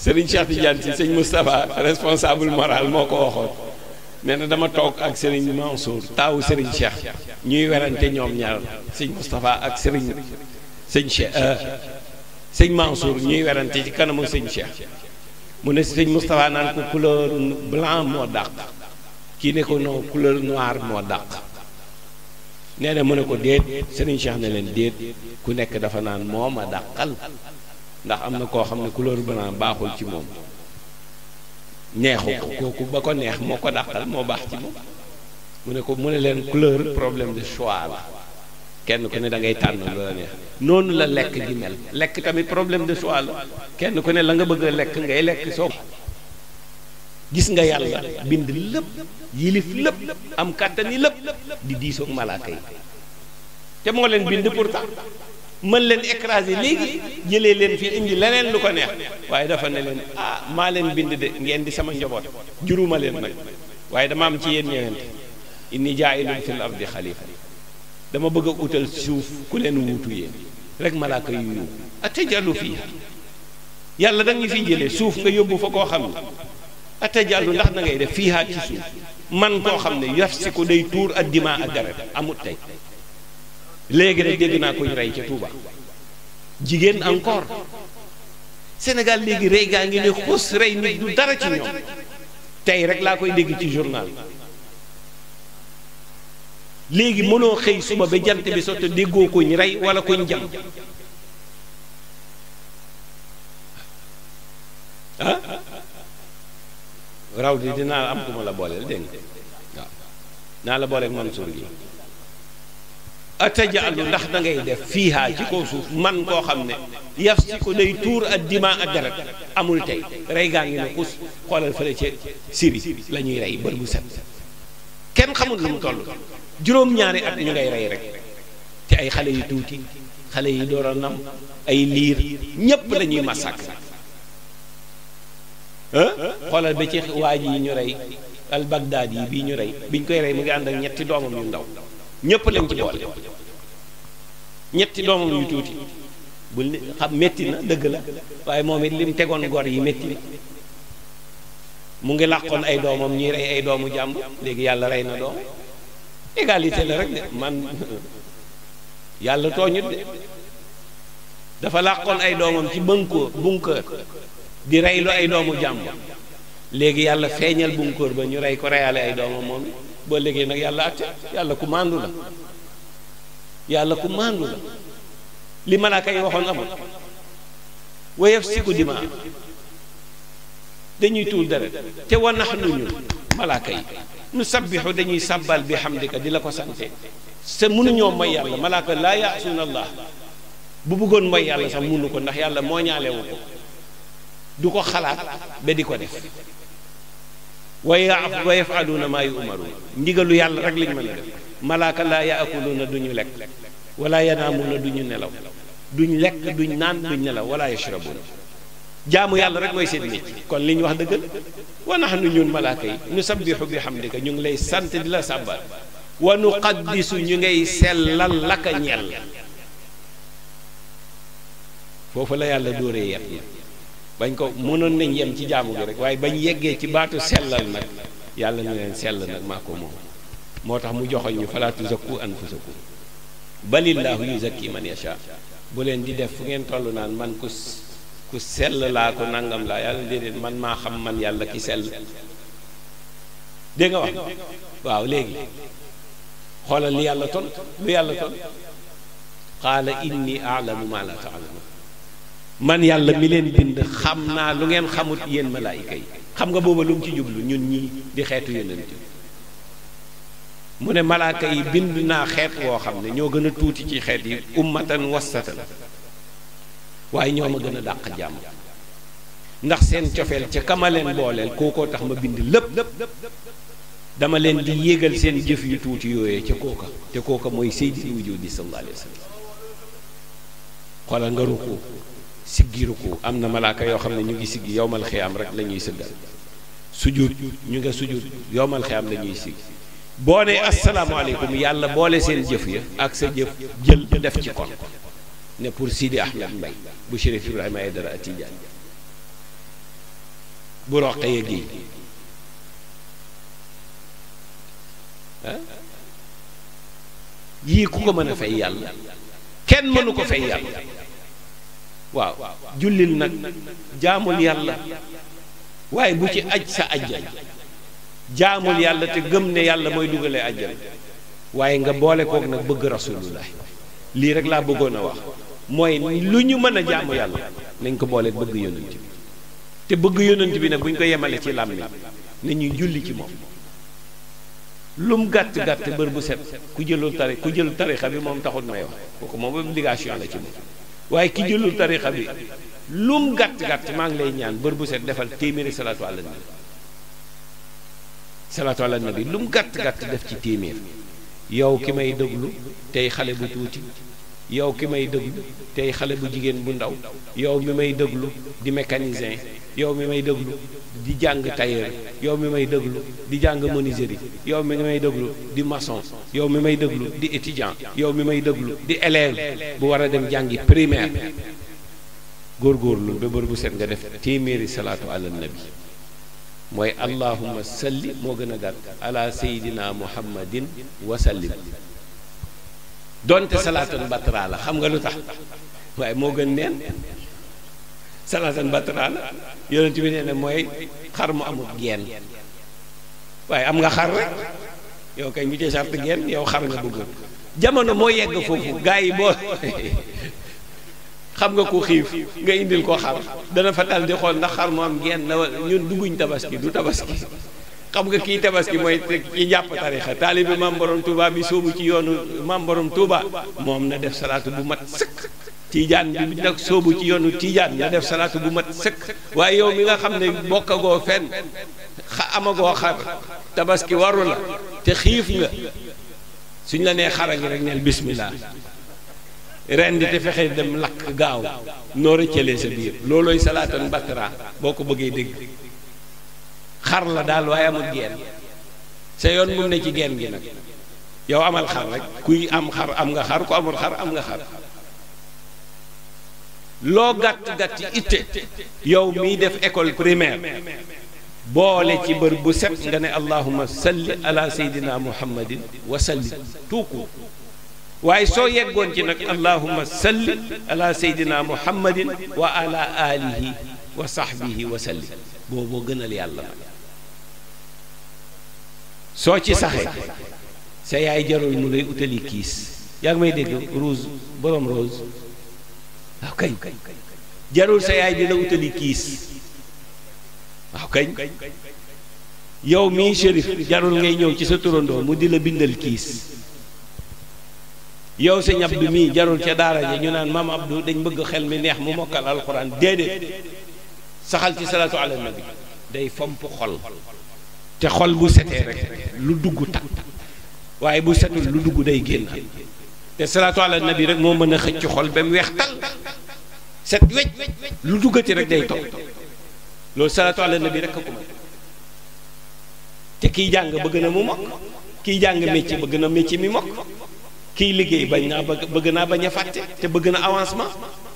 Serigne Cheikh Tidiane si sëñ Moustapha responsable moral moo ko waxoon nee na dama toog ak Serigne Mansour taawu Serigne Cheikh ñuy werante ñoom ñaar sëñ Moustapha ak sëriñ sëñ Cheikh sëñ Mansour ñuy werante ci kanamu sëñ Cheikh mu ne sëñ Moustapha naan ko couleur blanc moo dàq kii ne ko non couleur noir moo dàq. nee mu ne ko déet sëriñ Cheikh na leen déet ku nekk dafa naan moom a dàqal ndax am na koo xam ne couleur blanc baaxul ci moom neexu kooku ba ko neex moo ko dàqal moo baax ci moom mu ne ko mu ne leen couleur problème de choix la kenn ku ne da ngay tànn lu la neex noonu la lekk gi mel lekk tamit problème de choix la kenn ku ne la nga bëgg lekk ngay lekk soo gis nga yàlla bind lépp yilif lépp am kàttani lépp di diisoog malaaka yi te moo leen bind pourtant mën leen écraser léegi jëlee leen fii indi leneen lu ko neex waaye dafa ne leen ah maa leen bind de ngeen di sama njaboot juruma leen nag waaye dama am ci yéen ñëwante inni jaa'ilun fil ardi xalifa dama bëgg a utal suuf ku leen wuutu yéen rek malaaka yu yuw atajalu fiiha yàlla da nga ñu fiy jëlee suuf nga yóbbu fa koo xam ne atajallu ndax na ngay def fii ci suuf man koo xam ne yaf si ko day tuur ak dimaa ak deret amut tey léegi rek dégg naa ko ñu rey ca Touba jigéen encore Sénégal léegi rey gaa ngi ne xus rey nit du dara ci ñoom tey rek laa koy dégg ci journal léegi mënoo xëy suba ba jant bi sotti déggoo ko ñu rey wala ko ñu jam raw di dinaa am ku ma la booleel dégg nga naa la booleeg Mansour gi atajalu ndax da ngay def fiihaa ci kaw suuf man koo xam ne yaf si ko day tuur ak dima ak deret amul tey rey gaa ngi ne xus xoolal fële ca siri la ñuy rey bër bu set kenn xamul lu mu toll juróom-ñaari at ñu ngay rey rek ci ay xale yu tuuti xale yi door a nam ay liir ñépp la ñuy massacre xoolal ba ci waa ji ñu rey al yi bii ñu rey biñ koy rey mu ngi ànd ak ñetti doomam yu ndaw ñëpp lañ ci boole ñetti doomam yu tuuti bul ni xam métti na dëgg la waaye moom it lim tegoon gor yi métti na mu ngi làqoon ay doomam ñi rey ay doomu jàmb léegi yàlla rey na doom égalité la rek de man yàlla tooñut de dafa làqoon ay doomam ci bënkoo bunker di rey lu ay doomu jàmbur léegi yàlla feeñal bunkóor ba ñu rey ko reyaale ay doomam moom it boo léegi nag yàlla atte yàlla ku màndu la yàlla ku màndu la li malaaka yi waxoon amul wayaf siku dimaa dañuy tuur dara te wa nahnu ñun malaaka yi nu sabbixu dañuy sabbal bi hamdika di la ko sante sa mënuñoo mooy yàlla malaaka laa yaasuuna allah bu bëggoon mooy yàlla sax mënu ko ndax yàlla moo ñaalewu ko du ko xalaat ba di ko def wa yafaluuna maa yumaruun ndigalu yàlla rek lañ mën a def malaaka laa yaakuluuna du ñu lekk wala yanaamuuna du ñu nelaw duñ lekk duñu naan duñ nelaw wala yashrabuuna jaamu yàlla rek mooy seen métier kon li ñu wax dëggal wa nahnu ñun malaaka yi nu sabbixu bi xamdika ñu ngi lay sant di la sàbbal wa nu qaddisu ñu ngay sellal laka ñel foofu la yàlla dóoree yet na bañ ko mënoon nañ yem ci jaamu gi rek waaye bañ yeggee ci baatu sellal nag yàlla na leen sell nag maa ko moom moo tax mu joxoñ ñu falaa tuzakku anfusakum balillaahu kii man yasha bu leen di def fu ngeen toll naan man ku ku sell laa ko nangam laa yàlla leen man maa xam man yàlla ki sell dégg wax waaw léegi xoolal yàlla ton lu yàlla ton qaala inni aalamu maa laa taalamu man yàlla mi leen bind xam naa lu ngeen xamut yéen malaayika yi xam nga booba lu mu ci jublu ñun ñi di xeetu yonent mu ne malaaka yi bind naa xeet woo xam ne ñoo gën a tuuti ci xeet yi ummatan wasatan waaye ñoo ma gën a dàq jàmm ndax seen cofeel ca kama leen booleel kookoo tax ma bind lépp dama leen di yéegal seen jëf yu tuuti yooyee ca kooka te kooka mooy sayyidul wujudi sallallahu alayhi wa sallam xoolal nga rukkoo siggi ruku am na malaaka yoo xam ne ñu ngi siggi yowmal xiyaam rek lañuy ñuy sëggal sujud ñu nga sujud yowmal xiyaam la ñuy siggi boo ne asalaamaaleykum yàlla boole seen jëf ya ak sa jëf jël def ci kon ne pour Sidi Ahmed Mbaye bu Chérif Ibrahima Aïdara Atijaan bu Roqaya Géey yii ku ko mën a fay yàlla kenn mënu ko fey yàlla waaw jullil nag jaamul yàlla waaye bu ci aj sa ajjana jaamul yàlla te gëm ne yàlla mooy dugalee ajjana waaye nga boole kook nag bëgg rasulullah lii rek laa bëggoon a wax mooy lu ñu mën a jaamu yàlla nañ ko booleeg bëgg yonent bi te bëgg yonent bi nag bu ñu ko yemalee ci làmmiñ ne ñuy julli ci moom lum gàtt gàtt bër bu set ku jëlul tari ku jël tarixa bi moom taxul may wax kooku moom obligation la ci moom waaye ki jëlul tarixa bi lum gàtt-gàtt maa ngi lay ñaan bër bu set defal téeméeri salaatu àla nabi salaatu àla nabi lum gàtt-gàtt def ci téeméer yow ki may déglu tey xale bu tuuti yow ki may déglu tey xale bu jigéen bu ndaw yow mi may déglu di mécanicien yow mi may déglu di jàng tailleur yow mi may déglu di jàng menuiserie yow mi may déglu di maçon yow mi may déglu di étudiant yow mi may déglu di élève bu war a dem jàngi primaire góorgóorlu góorlu bër bu set nga def téeméeri salaatu ala nabi mooy allahumma salli moo gën a gàtt ala sayidina muhammadin wa sallim donte salaatan battara la xam nga lu tax waaye moo gën neen salaatan battara la yonent bi nee na mooy xar mu amul geen waaye am nga xar rek yow kay mu ci sart geen yow xar nga bëggoon jamono moo yegg foofu gaa yi boo xam nga ko xiif nga indil ko xar dana fa dal di xool ndax xar mu am geen la ñun dugguñ tabaski du tabaski xam nga kii tabaski mooy ki jàpp tarixa taalibe maam borom Touba bi soobu ci yoonu maam borom moom na def salaatu bu mat sëkk tiijaan bi nag soobu ci yoonu tiijaan na def salaatu bu mat sëkk waaye yow mi nga xam ne bokkagoo fenn xa amagoo xar tabaski waru la te xiif nga suñ la nee xara yi rek neel bismillah ren di te fexe dem lakk gaaw noo rëccalee sa biir loolooy salaatan batra boo ko bëggee dégg xar la daal waaye amul geen sa yoon mun na ci geen gi nag yow amal xar rek kuy am xar am nga xar ku amul xar am nga xar loo gàtt gàtt itte yow miy def école primaire boole ci bër bu set nga ne allahuma salli ala seydina muhammadin wa salli tuuku waaye soo yeggoon ci nag allahuma salli ala seydina muhammadin wa ala alihi wa sahbihi wa salli booboo gënal yàlla nag soo ci saxee sa yaay jarul mu lay utali kiis yaa ngi may dégg rose borom rose waaw kañ jarul sa yaay di utali kiis waaw kañ yow mii shérif jarul ngay ñëw ci sa turandoo mu di la bindal kiis yow sëñ Abdou mii jarul ca daara ja ñu naan maam Abdou dañ bëgg xel mi neex mu mokkal alxuraan déedéet saxal ci salaatu ala nabi day fomp xol te xol bu setee rek lu dugg takk waaye bu setul lu dugg day génn te salaatu ala nabi rek moo mën a xëcc xol ba mu weex tal set wecc lu duggati rek day topp loolu salaatu ala nabi rek a ko mën te kiy jàng bëgg na mu mokk kiy jàng métier bëgg na métier mi mokk liggéey bañ naa bëgg naa bañ a fàtte te bëgg na avancement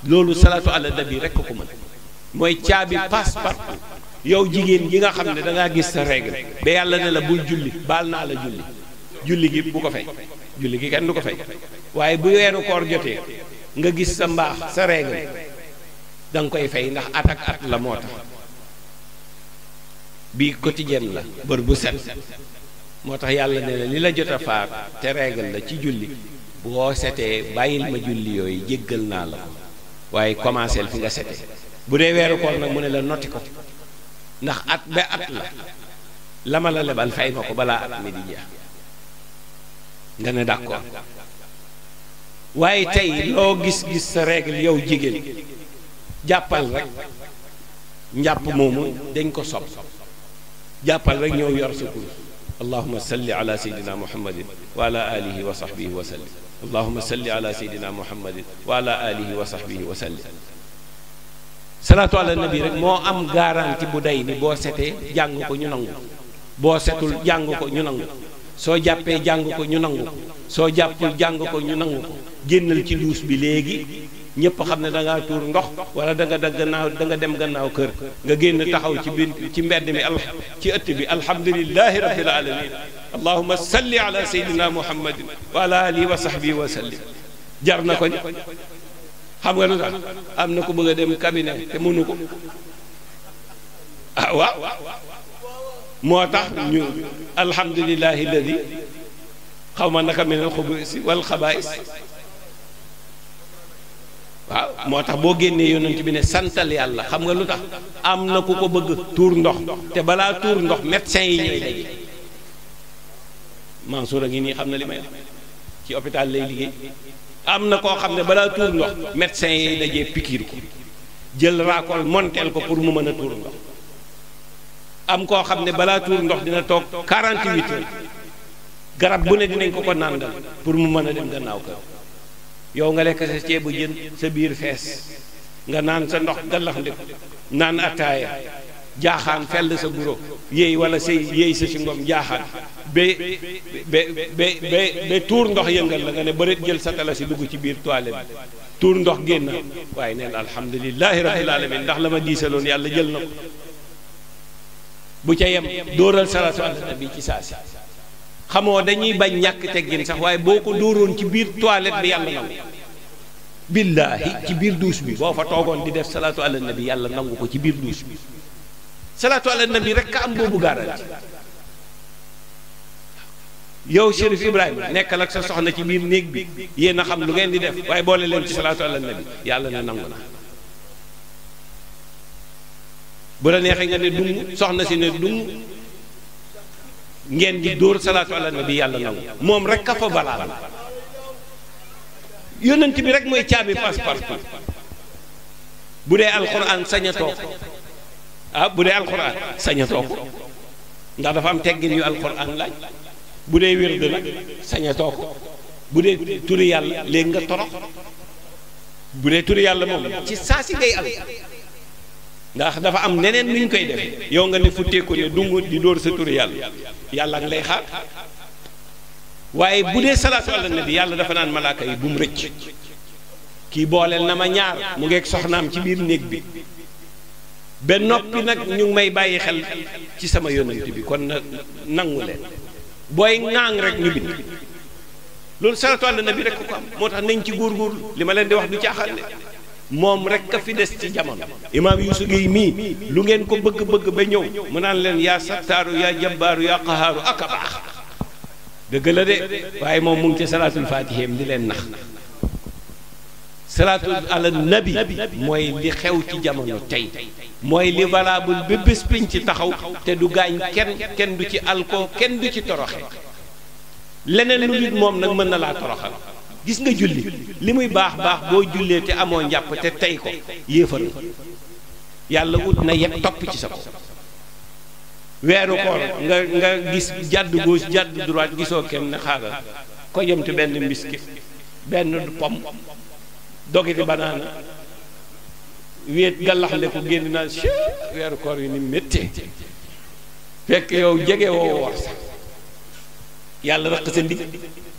loolu salaatu ala nabi rek a ko mën mooy caabi passe partout yow jigéen ji nga xam ne da gis sa règle ba yàlla ne la bul julli baal naa la julli julli gi bu ko fay julli gi kenn du ko fay waaye bu weeru koor jotee nga gis sa mbaax sa règle da koy fay ndax at ak at la moo tax bii quotidien la bër bu set moo tax yàlla ne la li la jot a faat te règle la ci julli boo setee bàyyil ma julli yooyu jéggal naa la ko waaye commencé fi nga setee bu dee weeru koor nag mu ne la noti ko ndax at ba at la la ma la lebal fay ma ko balaa at mi di jeex nga ne d'accord waaye tey loo gis-gis sa règle yow jigéen jàppal rek njàpp moomu dañ ko sopp jàppal rek ñëw yor sa kurus allahuma salli ala seydina muhammadin wa ala alihi wa sahbihi wa sallim allahuma salli ala seydina muhammadin wa ala alihi wa sahbihi wa sallim salaatu ala nabi rek moo am garanti bu day ni boo setee jàng ko ñu nangu boo setul jàng ko ñu nangu soo jàppee jàng ko ñu nangu soo jàppul jàng ko ñu nangu génnal ci duus bi léegi ñëpp xam ne danga ngaa tuur ndox wala da nga gannaaw da nga dem gannaaw kër nga génn taxaw ci biir ci mbedd mi al ci ëtt bi alhamdulilahi rabbil alamin allahuma salli ala sayyidina muhammadin wa ala alihi wa sahbihi wa sallim jar na ko xam nga nu tax am na ko bëgg a dem cabinet te mënu ko ah waaw moo tax ñu alhamdulilahi alladi xaw ma naka minal xubusi waaw moo tax boo génnee yonent bi ne santal yàlla xam nga lu tax am na ku ko bëgg tuur ndox te balaa tuur ndox médecin yi ñooy daje Mansour a ngi nii xam na li may ci hôpital lay liggéey am na koo xam ne balaa tuur ndox médecin yi dajee pikiir ko jël raakool monteel ko pour mu mën a tuur ndox am koo xam ne balaa tuur ndox dina toog 48 heures garab bu ne dinañ ko ko naan nàndal pour mu mën a dem gannaaw kër yow nga lekk sa ceebu jën sa biir fees nga naan sa ndox gallax naan attaaya jaaxaan fell sa guro yéey wala sa yéey sa si ngom jaaxaan ba ba ba ba ba tuur ndox yëngal la nga ne bëreet jël sa tala dugg ci biir toile bi tuur ndox génn waaye neen alhamdulilahi rabbil alamin ndax la ma diisaloon yàlla jël na ko bu ca yem dóoral salatu ala nabi ci saa si xamoo dañuy bañ ñàkk teggin sax waaye boo ko dóoroon ci biir toilette bi yàlla nangu billaahi ci biir douche bi boo fa toogoon di def salatu ala nabi yàlla nangu ko ci biir douche bi salaatu ala nabi rek am boobu garanti yow Chérif Ibrahima nekkal ak sa soxna ci biir néeg bi yéen a xam lu ngeen di def waaye boole leen ci salaatu ala nabi yàlla na nangu na neexee nga ne soxna si ngeen di dóor salaatu ala nabi yàlla moom rek ka fa balaa yonent bi rek mooy caabi passe partout bu dee alxuraan sañatoo ah bu dee alxuraan sañatoo ko ndax dafa am teggin yu alxuraan laaj bu dee wérd nag sañatoo ko bu dee turi yàlla léegi nga torox bu dee turi yàlla moom ci saa si ngay am ndax dafa am neneen nu koy def yow nga ne futteeku ne dungu di dóor sa turi yàlla yàlla ngi lay xaar waaye bu dee salaatu ala bi yàlla dafa naan malaaka yi bu mu rëcc kii booleel na ma ñaar mu ngeeg soxnaam ci biir néeg bi ba noppi nag ñu may bàyyi xel ci sama yonent bi kon na nangu leen booy ŋaang rek ñu bind loolu salatu ala bi rekk ko am moo tax nañ ci góorgóorlu li ma leen di wax du caaxaan ne moom rek a fi des ci jamono imaam Yuusu Géey mii lu ngeen ko bëgg-bëgg ba ñëw mu naan leen yaa sattaaru yaa jabbaaru yaa qaxaaru ak a baax dëgg la de waaye moom mu ngi ci salaatul faatiheem di leen nax salaatu ala nabi mooy li xew ci jamono tey mooy li valable ba bés piñ ci taxaw te du gaañ kenn kenn du ci alko kenn du ci toroxe leneen lu dul moom nag mën na laa toroxal gis nga julli li muy baax baax boo jullee te amoo njàpp te tey ko yéefar na yàlla wut na yet topp ci sa ko weeru koor nga nga gis jàdd gauche jàdd droite gisoo kenn xaaral ko jëm te benn mbiskit benn pomme dogiti banaana wéet gallaxle ko génn naa si weeru koor yi ni méttee fekk yow jege woo war yàlla rëq sa